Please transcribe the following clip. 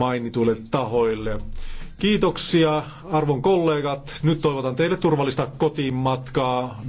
mainituille tahoille. Kiitoksia arvon kollegat. Nyt toivotan teille turvallista kotimatkaa.